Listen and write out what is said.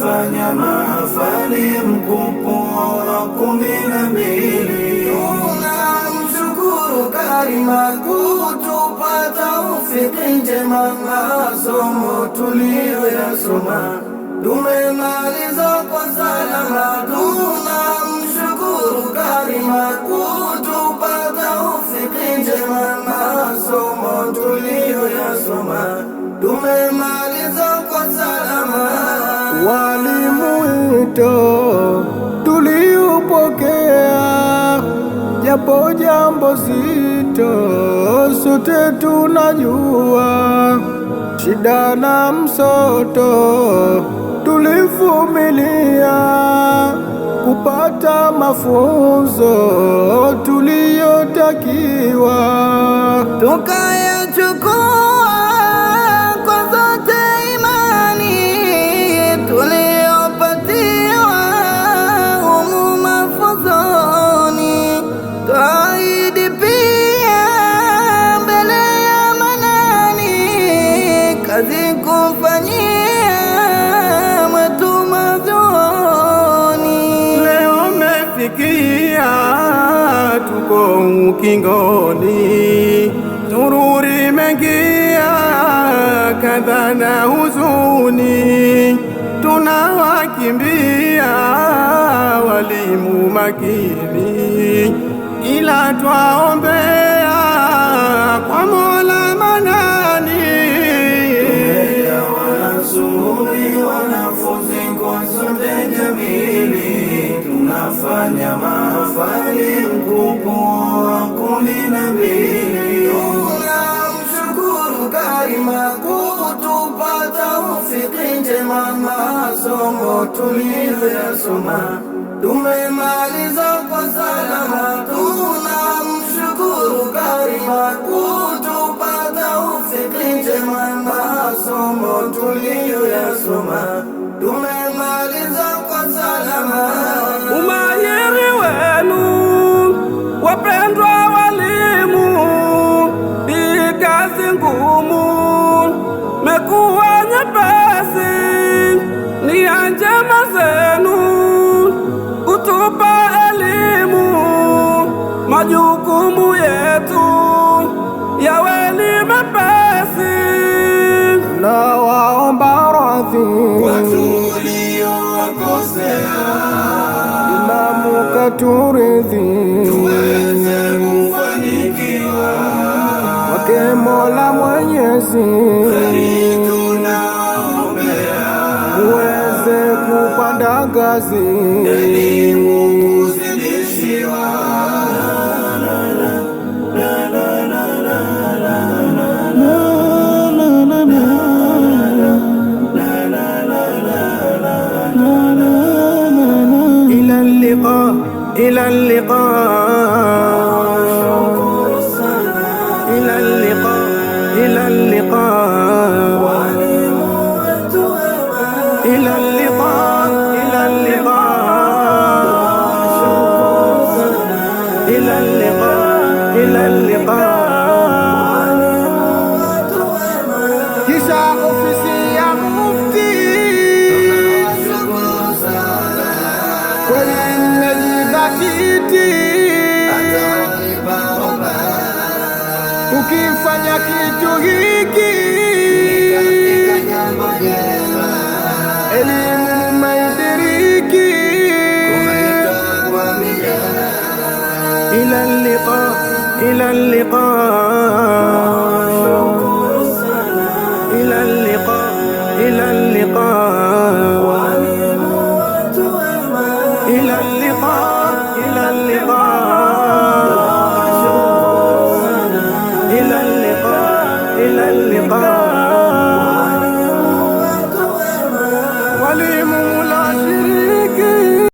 fanya mahafali mkupuo wa kumi na mbili. Tunamshukuru Karima kutupa Usipinge mang'azo tuliyoyasoma, tumemaliza kwa salama, tunamshukuru Karima kutupata. Usipinge mang'azo tuliyoyasoma, tumemaliza kwa salama Walimu walimuto Japo jambo zito, sote tunajua shida na msoto, tulivumilia kupata mafunzo tuliyotakiwa tukayachukua nimekufanyia matumadhoni, leo umefikia tuko ukingoni, sururi mengia kadha na huzuni, tunawakimbia walimu makini, ila twaombea kwa Shauri wanafunzi kwa sote jamili, tunafanya mahafali mkubwa wa kumi na mbili. Tunamshukuru Karima kutupa taufiki njema, masomo tuliyoyasoma tumemaliza kwa salama. masomo tuliyoyasoma tumemaliza kwa salama. Umahiri wenu wapendwa walimu, ni kazi ngumu, mekuwa nyepesi, ni anjema zenu kutupa elimu majukumu radhi watu uliowakosea, Imamu katuridhi tuweze kufanikiwa wake Mola Mwenyezi tunaombea kupanda ngazi kuzidishiwa إلى اللقاء Qui اللقاء إلى اللقاء qui اللقاء كساء est le ukifanya kitu hiki إلى اللقاء إلى اللقاء